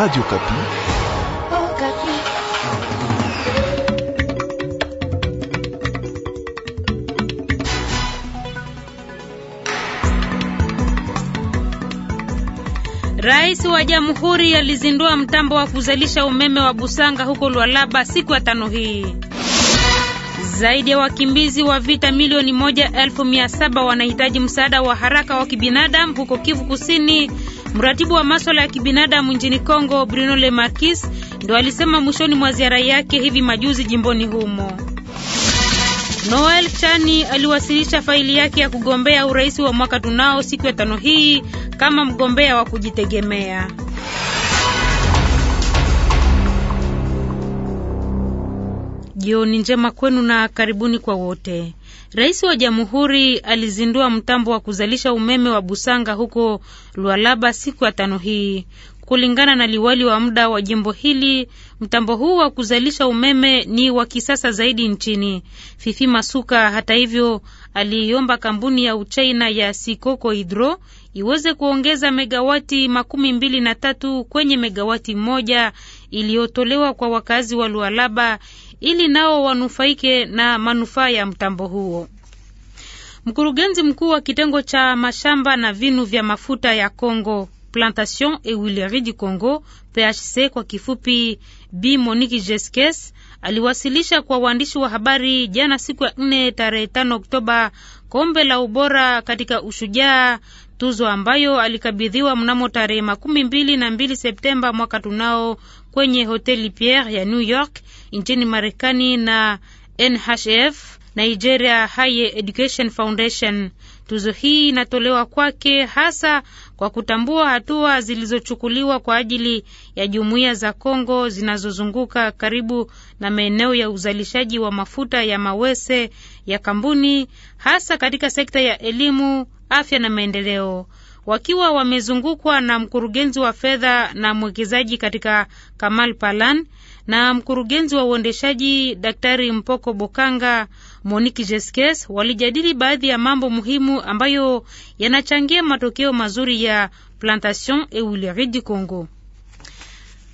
Radio Kapi. Oh, Kapi. Rais wa Jamhuri alizindua mtambo wa kuzalisha umeme wa Busanga huko Lualaba siku ya tano hii. Zaidi ya wakimbizi wa vita milioni moja elfu mia saba wanahitaji msaada wa haraka wa kibinadamu huko Kivu Kusini Mratibu wa maswala ya kibinadamu nchini Kongo Bruno le Marquis, ndo alisema mwishoni mwa ziara yake hivi majuzi jimboni humo. Noel Chani aliwasilisha faili yake ya kugombea urais wa mwaka tunao siku ya tano hii kama mgombea wa kujitegemea. Jioni njema kwenu na karibuni kwa wote. Rais wa Jamhuri alizindua mtambo wa kuzalisha umeme wa Busanga huko Lualaba siku ya tano hii. Kulingana na liwali wa muda wa jimbo hili, mtambo huu wa kuzalisha umeme ni wa kisasa zaidi nchini. Fifi Masuka, hata hivyo, aliiomba kampuni ya Uchaina ya Sikoko Hydro iweze kuongeza megawati makumi mbili na tatu kwenye megawati moja iliyotolewa kwa wakazi wa Lualaba ili nao wanufaike na manufaa ya mtambo huo. Mkurugenzi mkuu wa kitengo cha mashamba na vinu vya mafuta ya Congo Plantation et Huilerie du Congo PHC kwa kifupi, Bi Monique Jeskes aliwasilisha kwa waandishi wa habari jana siku ya nne tarehe tano Oktoba kombe la ubora katika ushujaa, tuzo ambayo alikabidhiwa mnamo tarehe makumi mbili na mbili Septemba mwaka tunao kwenye hoteli Pierre ya New York nchini Marekani na NHF Nigeria Higher Education Foundation. Tuzo hii inatolewa kwake hasa kwa kutambua hatua zilizochukuliwa kwa ajili ya jumuiya za Kongo zinazozunguka karibu na maeneo ya uzalishaji wa mafuta ya mawese ya kambuni hasa katika sekta ya elimu, afya na maendeleo. Wakiwa wamezungukwa na mkurugenzi wa fedha na mwekezaji katika Kamal Palan na mkurugenzi wa uendeshaji Daktari Mpoko Bokanga Moniki Jeskes walijadili baadhi ya mambo muhimu ambayo yanachangia matokeo mazuri ya Plantation Eulerie du Congo.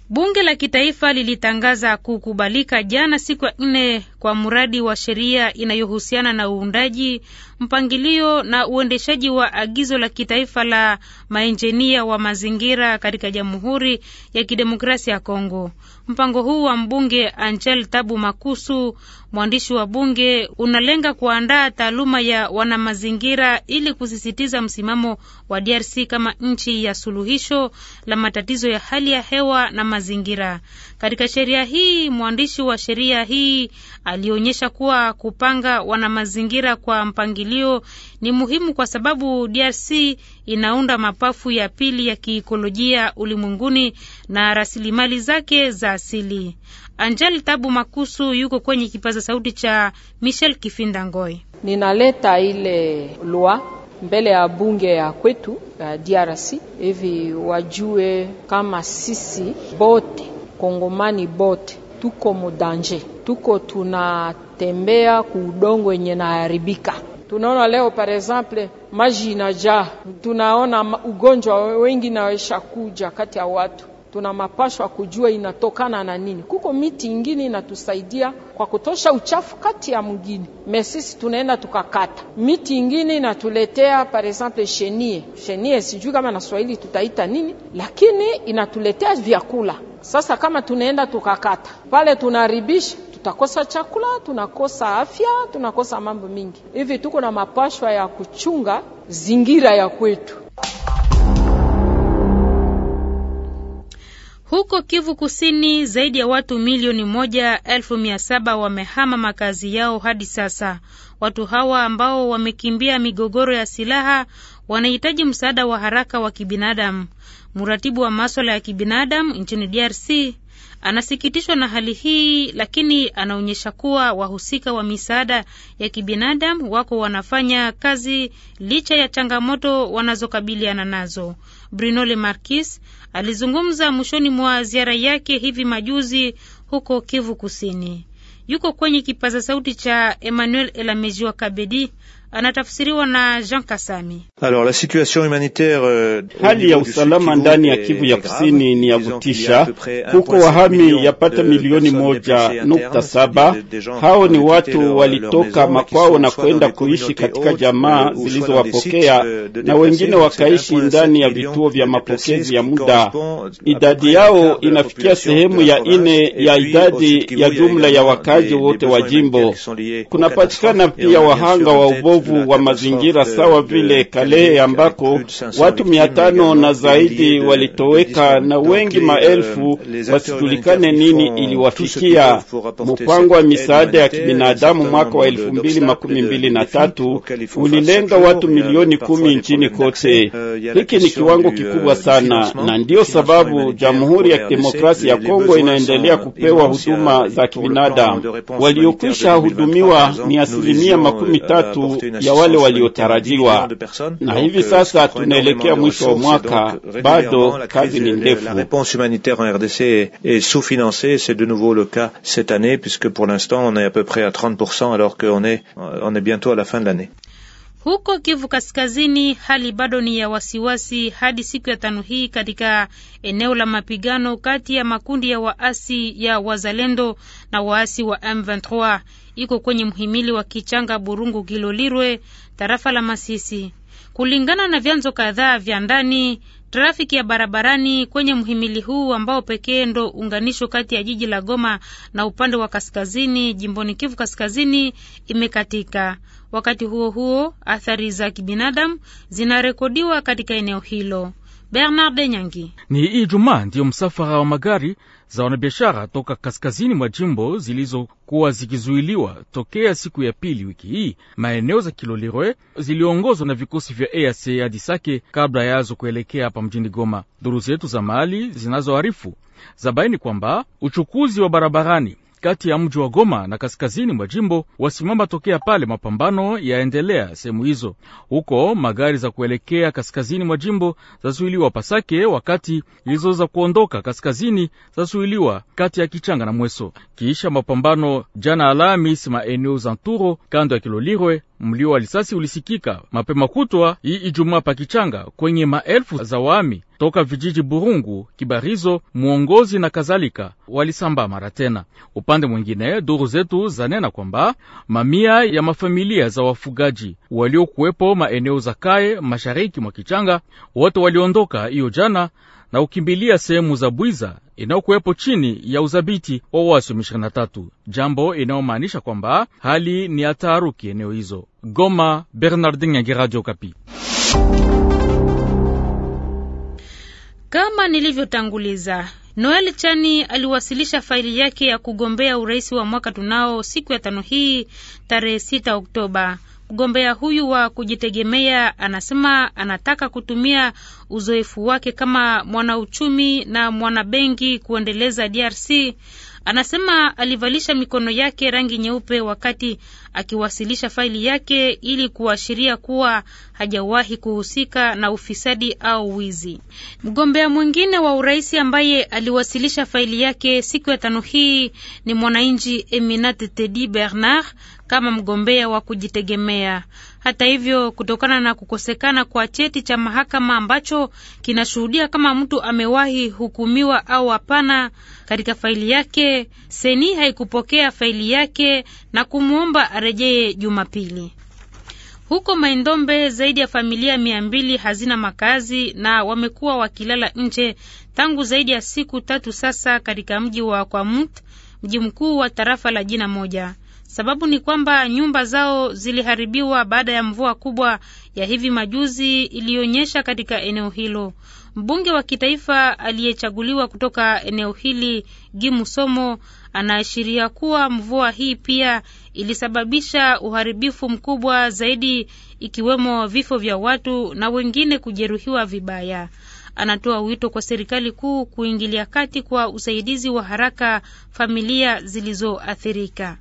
Bunge la kitaifa lilitangaza kukubalika jana siku ya nne kwa mradi wa sheria inayohusiana na uundaji, mpangilio na uendeshaji wa agizo la kitaifa la maenjinia wa mazingira katika Jamhuri ya Kidemokrasia ya Kongo. Mpango huu wa mbunge Angel Tabu Makusu, mwandishi wa bunge, unalenga kuandaa taaluma ya wanamazingira ili kusisitiza msimamo wa DRC kama nchi ya suluhisho la matatizo ya hali ya hewa na mazingira. Katika sheria hii, mwandishi wa sheria hii alionyesha kuwa kupanga wanamazingira kwa mpangilio ni muhimu kwa sababu DRC inaunda mapafu ya pili ya kiikolojia ulimwenguni na rasilimali zake za asili. Angel Tabu Makusu yuko kwenye kipaza sauti cha Michel Kifinda Ngoi. Ninaleta ile lwa mbele ya bunge ya kwetu ya DRC hivi wajue kama sisi bote wakongomani bote tuko mudanje, tuko tunatembea kuudongo yenye naharibika. Tunaona leo par exemple maji inajaa, tunaona ugonjwa wengi nawesha kuja kati ya watu tuna mapashwa kujua inatokana na nini. Kuko miti ingine inatusaidia kwa kutosha uchafu kati ya mgini mesisi, tunaenda tukakata miti ingine inatuletea par exemple shenie shenie, sijui kama na Swahili tutaita nini, lakini inatuletea vyakula sasa kama tunaenda tukakata pale, tunaharibisha tutakosa chakula, tunakosa afya, tunakosa mambo mingi hivi. Tuko na mapashwa ya kuchunga zingira ya kwetu. Huko Kivu Kusini, zaidi ya watu milioni moja elfu mia saba wamehama makazi yao hadi sasa. Watu hawa ambao wamekimbia migogoro ya silaha wanahitaji msaada wa haraka wa kibinadamu mratibu wa maswala ya kibinadamu nchini DRC, anasikitishwa na hali hii, lakini anaonyesha kuwa wahusika wa misaada ya kibinadamu wako wanafanya kazi licha ya changamoto wanazokabiliana nazo. Bruno Le Marquis alizungumza mwishoni mwa ziara yake hivi majuzi huko Kivu Kusini. Yuko kwenye kipaza sauti cha Emmanuel Elamejiwa Kabedi anatafsiriwa na Jean Kasami. Euh, Hali ya usalama ndani ya Kivu ya Kusini ni ya kutisha. Huko wahami yapata milioni moja nukta saba. Hao ni watu walitoka makwao na kwenda kuishi katika jamaa euh, zilizowapokea euh, na wengine wakaishi ndani ya vituo vya mapokezi ya muda. Idadi yao inafikia sehemu ya ine ya idadi ya jumla ya wakazi wote wa jimbo. Kunapatikana pia wahanga wa ubovu uovu wa mazingira sawa vile Kale ambako watu mia tano na zaidi walitoweka na wengi um, maelfu wasijulikane nini iliwafikia. Mpango wa misaada ya kibinadamu mwaka wa elfu mbili makumi mbili na tatu ulilenga watu milioni kumi nchini kote. Euh, Hiki ni kiwango kikubwa euh, sana, na ndiyo sababu Jamhuri ya Kidemokrasia ya Kongo inaendelea kupewa euh, huduma za kibinadamu. Waliokwisha hudumiwa ni asilimia makumi tatu Euh, la réponse humanitaire en RDC est sous-financée, c'est de nouveau le cas cette année puisque pour l'instant on est à peu près à 30% alors qu'on est euh, on est bientôt à la fin de l'année. Huko Kivu Kaskazini, hali bado ni ya wasiwasi hadi siku ya tano hii katika eneo la mapigano kati ya makundi ya waasi ya wazalendo na waasi wa M23 iko kwenye mhimili wa Kichanga Burungu Gilolirwe, tarafa la Masisi. Kulingana na vyanzo kadhaa vya ndani, Trafiki ya barabarani kwenye mhimili huu ambao pekee ndo unganisho kati ya jiji la Goma na upande wa kaskazini jimboni Kivu Kaskazini imekatika. Wakati huo huo, athari za kibinadamu zinarekodiwa katika eneo hilo. Bernard Nyangi. Ni Ijumaa ndiyo msafara wa magari za wanabiashara toka kaskazini mwa jimbo zilizokuwa zikizuiliwa tokea siku ya pili wiki hii. Maeneo za Kilolirwe ziliongozwa na vikosi vya EAC hadi Sake kabla yazo kuelekea hapa mjini Goma. Dhuru zetu za mali zinazoarifu zabaini kwamba uchukuzi wa barabarani kati ya mji wa Goma na kaskazini mwa jimbo wasimama tokea pale mapambano yaendelea sehemu hizo. Huko magari za kuelekea kaskazini mwa jimbo zazuiliwa Pasake, wakati hizo za kuondoka kaskazini zazuiliwa kati ya Kichanga na Mweso. Kisha mapambano jana Alhamisi maeneo za Nturo kando ya Kilolirwe, mlio wa risasi ulisikika mapema kutwa hii Ijumaa pa Kichanga kwenye maelfu za waami toka vijiji Burungu, Kibarizo, Mwongozi na kadhalika walisambaa mara tena. Upande mwingine, duru zetu zanena kwamba mamia ya mafamilia za wafugaji waliokuwepo maeneo za kae mashariki mwa Kichanga wote waliondoka hiyo jana na ukimbilia sehemu za Bwiza inayokuwepo chini ya uzabiti wa waasi M23, jambo inayomaanisha kwamba hali ni ya taharuki eneo hizo. Goma, Bernardin Nyangira, Radio Okapi. Kama nilivyotanguliza, Noel Chani aliwasilisha faili yake ya kugombea urais wa mwaka tunao siku ya tano hii tarehe 6 Oktoba. Mgombea huyu wa kujitegemea anasema anataka kutumia uzoefu wake kama mwanauchumi na mwanabenki kuendeleza DRC Anasema alivalisha mikono yake rangi nyeupe wakati akiwasilisha faili yake ili kuashiria kuwa hajawahi kuhusika na ufisadi au wizi. Mgombea mwingine wa urais ambaye aliwasilisha faili yake siku ya tano hii ni mwananchi Eminat Tedi Bernard kama mgombea wa kujitegemea. Hata hivyo, kutokana na kukosekana kwa cheti cha mahakama ambacho kinashuhudia kama mtu amewahi hukumiwa au hapana katika faili yake, Seni haikupokea faili yake na kumwomba arejee Jumapili. Huko Maindombe zaidi ya familia mia mbili hazina makazi na wamekuwa wakilala nje tangu zaidi ya siku tatu sasa katika mji wa Kwamut, mji mkuu wa tarafa la jina moja. Sababu ni kwamba nyumba zao ziliharibiwa baada ya mvua kubwa ya hivi majuzi iliyonyesha katika eneo hilo. Mbunge wa kitaifa aliyechaguliwa kutoka eneo hili Gimu Somo anaashiria kuwa mvua hii pia ilisababisha uharibifu mkubwa zaidi, ikiwemo vifo vya watu na wengine kujeruhiwa vibaya. Anatoa wito kwa serikali kuu kuingilia kati kwa usaidizi wa haraka familia zilizoathirika.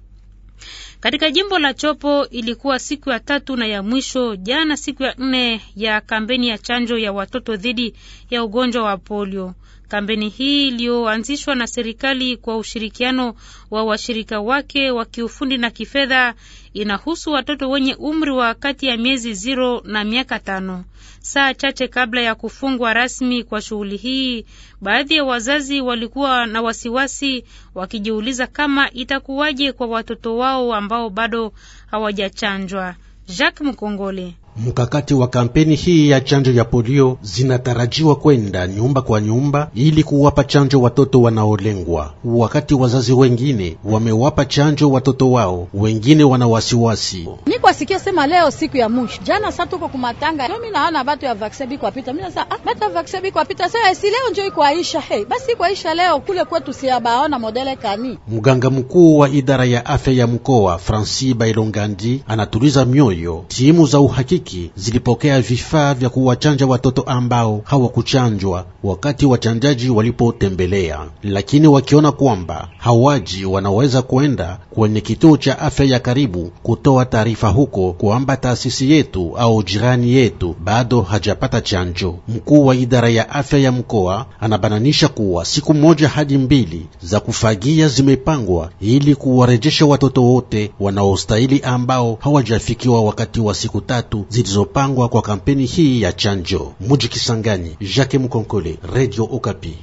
Katika jimbo la Chopo ilikuwa siku ya tatu na ya mwisho jana, siku ya nne ya kampeni ya chanjo ya watoto dhidi ya ugonjwa wa polio. Kampeni hii iliyoanzishwa na serikali kwa ushirikiano wa washirika wake wa kiufundi na kifedha inahusu watoto wenye umri wa kati ya miezi zero na miaka tano. Saa chache kabla ya kufungwa rasmi kwa shughuli hii, baadhi ya wazazi walikuwa na wasiwasi, wakijiuliza kama itakuwaje kwa watoto wao ambao bado hawajachanjwa. Jacques Mkongole Mkakati wa kampeni hii ya chanjo ya polio zinatarajiwa kwenda nyumba kwa nyumba ili kuwapa chanjo watoto wanaolengwa. Wakati wazazi wengine wamewapa chanjo watoto wao, wengine wana wasiwasi. Niko asikia sema leo siku ya mwisho. Jana sasa tuko kumatanga. Leo mimi naona watu ya vaccine biko apita. Mimi ah, sasa ah, eh, watu ya vaccine biko apita. Sasa si leo ndio iko Aisha. Hey, basi iko Aisha leo kule kwetu siabaona modele kani. Mganga mkuu wa idara ya afya ya mkoa Francis Bailongandi anatuliza mioyo timu za uhakiki kliniki zilipokea vifaa vya kuwachanja watoto ambao hawakuchanjwa wakati wachanjaji walipotembelea, lakini wakiona kwamba hawaji, wanaweza kwenda kwenye kituo cha afya ya karibu kutoa taarifa huko kwamba taasisi yetu au jirani yetu bado hajapata chanjo. Mkuu wa idara ya afya ya mkoa anabananisha kuwa siku moja hadi mbili za kufagia zimepangwa ili kuwarejesha watoto wote wanaostahili ambao hawajafikiwa wakati wa siku tatu zilizopangwa kwa kampeni hii ya chanjo. Muji Kisangani, Jacques Mukonkole, Radio Okapi.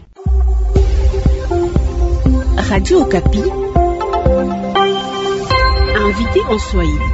Radio Okapi. Invité en Swahili.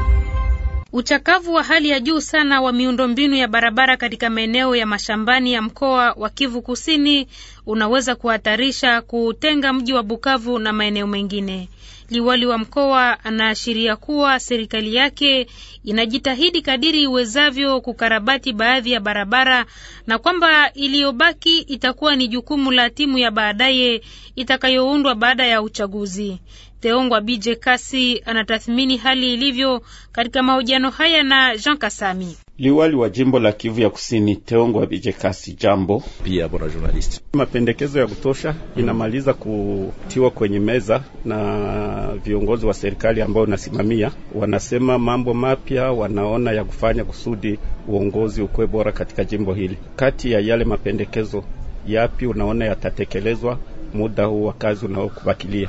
Uchakavu wa hali ya juu sana wa miundombinu ya barabara katika maeneo ya mashambani ya mkoa wa Kivu Kusini unaweza kuhatarisha kutenga mji wa Bukavu na maeneo mengine. Liwali wa mkoa anaashiria kuwa serikali yake inajitahidi kadiri iwezavyo kukarabati baadhi ya barabara na kwamba iliyobaki itakuwa ni jukumu la timu ya baadaye itakayoundwa baada ya uchaguzi. Teongwa Bije Kasi anatathmini hali ilivyo katika mahojiano haya na Jean Kasami. Liwali wa jimbo la Kivu ya Kusini Teongwa Bije Kasi, jambo. Pia bora journalist. Mapendekezo ya kutosha inamaliza kutiwa kwenye meza na viongozi wa serikali ambao unasimamia, wanasema mambo mapya wanaona ya kufanya kusudi uongozi ukuwe bora katika jimbo hili. Kati ya yale mapendekezo, yapi unaona yatatekelezwa muda huu wa kazi unaokubakilia?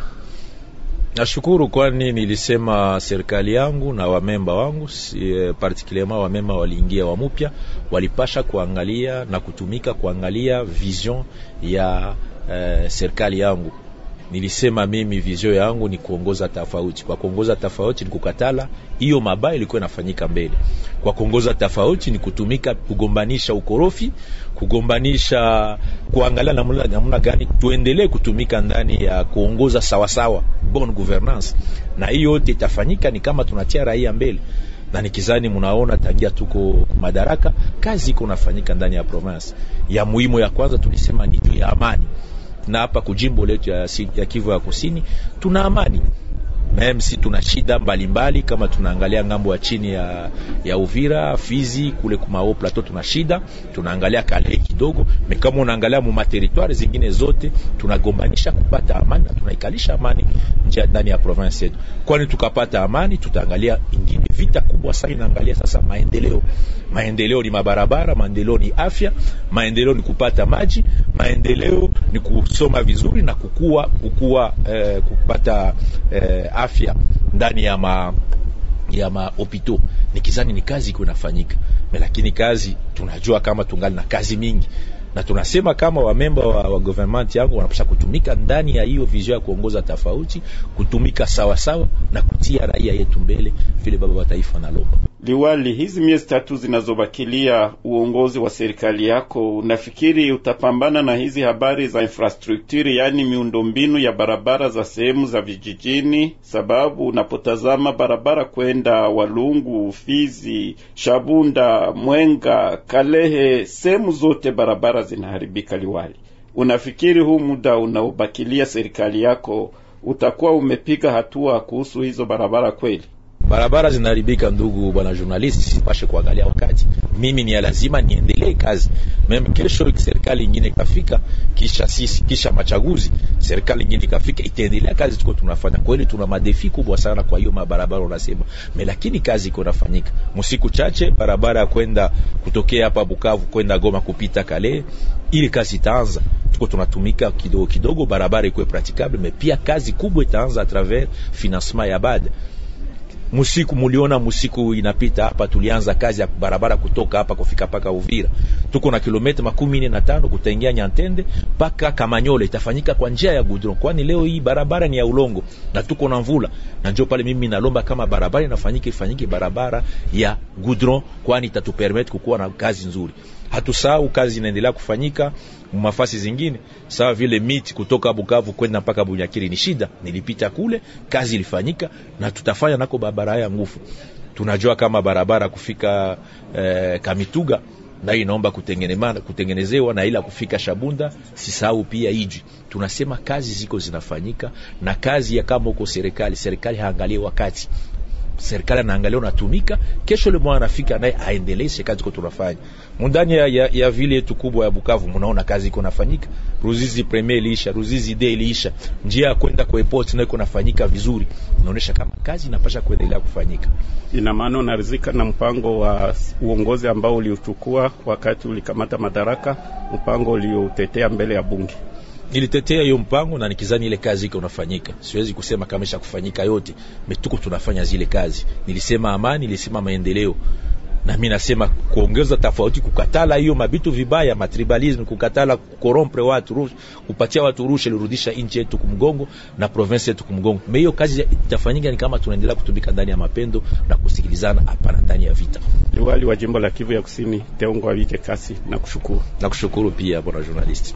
Nashukuru kwani nilisema serikali yangu na wamemba wangu si, eh, partikulierement wamemba waliingia wamupya, walipasha kuangalia na kutumika kuangalia vision ya eh, serikali yangu Nilisema mimi vizio yangu ni kuongoza tofauti. Kwa kuongoza tofauti ni kukatala hiyo mabaya ilikuwa inafanyika mbele. Kwa kuongoza tofauti ni kutumika kugombanisha ukorofi, kugombanisha, kuangalia namna namna gani tuendelee kutumika ndani ya kuongoza sawa sawa, bon governance, na hiyo yote itafanyika ni kama tunatia raia mbele na nikizani mnaona tangia tuko madaraka kazi iko nafanyika ndani ya province. Ya muhimu ya kwanza tulisema ni juu ya amani na hapa kujimbo letu ya, ya Kivu ya Kusini tuna amani meme si tuna shida mbalimbali kama tunaangalia ngambo ya chini ya, ya Uvira Fizi kule kumao plateau tuna shida, tunaangalia kale kidogo, me kama unaangalia mu materitoire zingine zote tunagombanisha kupata amani na tunaikalisha amani nje ndani ya province yetu, kwani tukapata amani tutaangalia ingine vita kubwa sana. Inaangalia sasa maendeleo. Maendeleo ni mabarabara, maendeleo ni afya, maendeleo ni kupata maji, maendeleo ni kusoma vizuri na kukua, kukua eh, kupata eh, afya ndani ya ma ya mahopito nikizani ni kazi iko inafanyika, lakini kazi tunajua kama tungali na kazi mingi, na tunasema kama wamemba wa, wa government yangu wanapasha kutumika ndani ya hiyo vision ya kuongoza tofauti, kutumika sawasawa na kutia raia yetu mbele vile baba wa taifa analomba liwali, hizi miezi tatu zinazobakilia uongozi wa serikali yako, unafikiri utapambana na hizi habari za infrastrukturi, yaani miundombinu ya barabara za sehemu za vijijini? Sababu unapotazama barabara kwenda Walungu, Fizi, Shabunda, Mwenga, Kalehe, sehemu zote barabara zinaharibika. Liwali, unafikiri huu muda unaobakilia serikali yako utakuwa umepiga hatua kuhusu hizo barabara kweli? barabara zinaharibika. Ndugu bwana journalist, sipashe kuangalia wakati. Mimi ni lazima niendelee kazi mem, kesho serikali ingine ikafika, kisha sisi, kisha machaguzi, serikali ingine ikafika, itaendelea kazi tuko tunafanya. Kweli tuna madefi kubwa sana kwa hiyo mabarabara unasema me, lakini kazi iko nafanyika. Msiku chache barabara ya kwenda kutokea hapa Bukavu kwenda Goma kupita kale, ili kazi itaanza tuko tunatumika kidogo kidogo, barabara ikuwe pratikable, me pia kazi kubwa itaanza a travers financement ya bad musiku muliona, musiku inapita hapa, tulianza kazi ya barabara kutoka hapa kufika paka Uvira, tuko na kilomita makumi nne na tano kutaingia Nyantende paka kamanyole itafanyika kwa njia ya gudron, kwani leo hii barabara ni ya ulongo na tuko na mvula, na ndio pale mimi nalomba kama barabara inafanyike ifanyike barabara ya gudron, kwani itatupermete kukuwa na kazi nzuri hatusahau kazi inaendelea kufanyika mafasi zingine, sawa vile miti kutoka Bukavu kwenda mpaka Bunyakiri ni shida. Nilipita kule, kazi ilifanyika na tutafanya nako barabara ya ngufu. Tunajua kama barabara kufika eh, Kamituga na hii naomba kutengenezewa na ila kufika Shabunda, sisahau pia iji. Tunasema kazi ziko zinafanyika na kazi ya kama huko serikali, serikali haangalie wakati serikali anaangalia unatumika, kesho le mwana anafika naye aendeleshe kazi kwa tunafanya mundani ya, ya, ya vile yetu kubwa ya Bukavu. Mnaona kazi iko nafanyika, Ruzizi premier iliisha, Ruzizi de iliisha, njia ya kwenda kwa airport nayo iko nafanyika vizuri, inaonyesha kama kazi inapasha kuendelea kufanyika. Ina maana unaridhika na mpango wa uongozi ambao uliochukua wakati ulikamata madaraka, mpango uliotetea mbele ya bunge? nilitetea hiyo mpango na nikizani ile kazi iko unafanyika. Siwezi kusema kama isha kufanyika yote, metuko tunafanya zile kazi. Nilisema amani, nilisema maendeleo, na mimi nasema kuongeza tofauti, kukatala hiyo mabitu vibaya, matribalism, kukatala korompre watu rush, kupatia watu rush, lirudisha nchi yetu kumgongo na province yetu kumgongo. Me hiyo kazi itafanyika ni kama tunaendelea kutumika ndani ya mapendo na kusikilizana, hapana ndani ya vita. Liwali wa jimbo la Kivu ya Kusini Teungwa Wike Kasi, na kushukuru na kushukuru pia bwana journalist.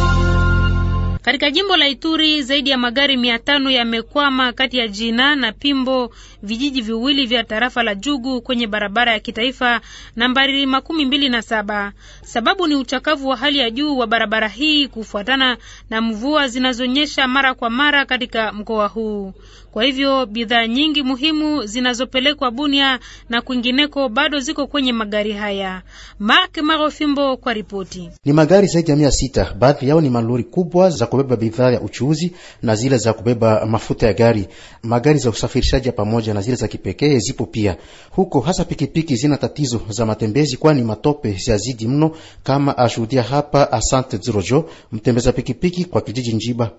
Katika jimbo la Ituri zaidi ya magari mia tano yamekwama kati ya Jina na Pimbo, vijiji viwili vya tarafa la Jugu kwenye barabara ya kitaifa nambari makumi mbili na saba. Sababu ni uchakavu wa hali ya juu wa barabara hii kufuatana na mvua zinazonyesha mara kwa mara katika mkoa huu. Kwa hivyo bidhaa nyingi muhimu zinazopelekwa Bunia na kwingineko bado ziko kwenye magari haya. Mark Marofimbo kwa ripoti. Ni magari zaidi ya mia sita, baadhi yao ni malori kubwa za kubeba bidhaa ya uchuuzi na zile za kubeba mafuta ya gari. Magari za usafirishaji ya pamoja na zile za kipekee zipo pia huko, hasa pikipiki zina tatizo za matembezi, kwani matope yazidi mno, kama ashuhudia hapa Asante Zirojo, mtembeza pikipiki kwa kijiji Njiba.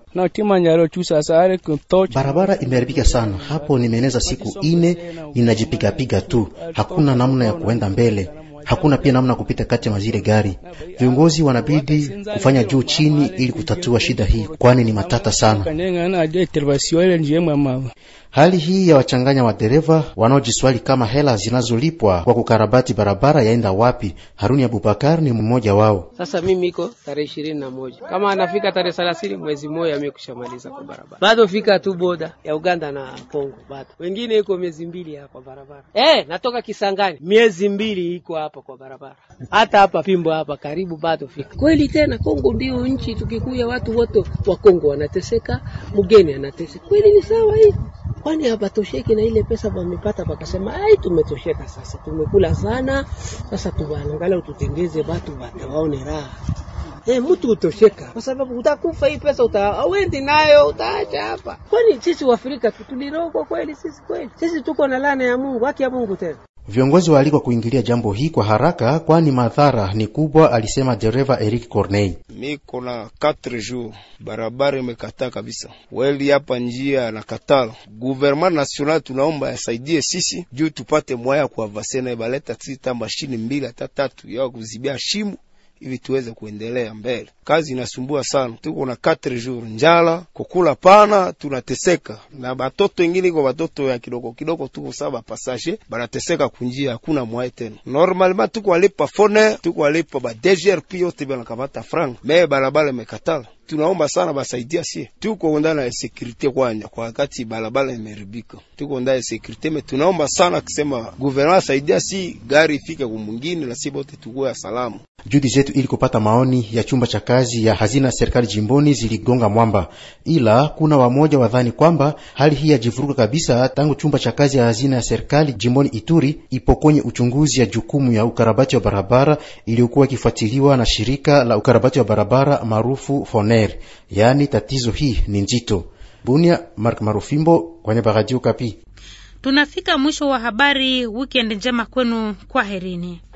Barabara imeharibika sana hapo, nimeeneza siku ine, ninajipigapiga tu, hakuna namna ya kuenda mbele Hakuna pia namna kupita kati ya mazile gari. Viongozi wanabidi kufanya juu chini ili kutatua shida hii, kwani ni matata sana. Hali hii ya wachanganya madereva wanaojiswali kama hela zinazolipwa kwa kukarabati barabara yaenda wapi? Haruni Abubakar ni mmoja wao. Sasa mimi iko tarehe ishirini na moja kama anafika tarehe thelathini mwezi moja amekushamaliza kwa barabara, bado fika tu boda ya Uganda na Kongo, bado wengine iko miezi mbili hapa barabara. Eh, natoka Kisangani miezi mbili iko hapa kwa barabara, hata hapa Pimbo hapa karibu bado fika. Kweli tena Kongo ndio nchi, tukikuya watu wote wa Kongo wanateseka, mgeni anateseka. Kweli ni sawa hii kwani hapatosheki na ile pesa wamepata, wakasema ai, tumetosheka sasa, tumekula sana sasa, tuwaangalau ututengeze watu watawaone raha. Eh, mtu utosheka kwa sababu utakufa, hii pesa utaawendi nayo, utaacha hapa. Kwani sisi Waafrika tulirogwa kweli? Sisi kweli, sisi tuko na laana ya Mungu, haki ya Mungu tena Viongozi waalikwa kuingilia jambo hii kwa haraka, kwani madhara ni kubwa, alisema dereva Eric Corneille. Miko na 4 jour barabara imekataa kabisa, weli hapa njia na katala. Gouvernement national tunaomba yasaidie sisi juu tupate mwaya kwa vasena, ibaleta ta mashini mbili hata tatu ya kuzibia shimu ili tuweze kuendelea mbele. Kazi inasumbua sana, tuko na 4 jours njala, kukula pana, tunateseka na batoto wengine, iko batoto ya kidogo kidogo, tuko saba passage banateseka kunjia, hakuna mwae tena. Normalement tuko alipa fone, tuko alipa ba DGR pio tebe na kamata franc me barabara imekatala. Tunaomba sana basaidia sie, tuko ndani ya security kwanya, kwa wakati barabara imeribika, tuko ndani ya security me, tunaomba sana kusema gouvernement saidia si gari ifike kumungine na sisi bote tukue salama. Juhudi zetu ili kupata maoni ya chumba cha kazi ya hazina ya serikali jimboni ziligonga mwamba, ila kuna wamoja wadhani kwamba hali hii yajivuruka kabisa tangu chumba cha kazi ya hazina ya serikali jimboni Ituri ipo kwenye uchunguzi ya jukumu ya ukarabati wa barabara iliyokuwa ikifuatiliwa na shirika la ukarabati wa barabara maarufu Foner. Yaani tatizo hii ni nzito. Bunia, Mark Marufimbo kwenye Radio Kapi. Tunafika mwisho wa habari. Wikend njema kwenu, kwaherini.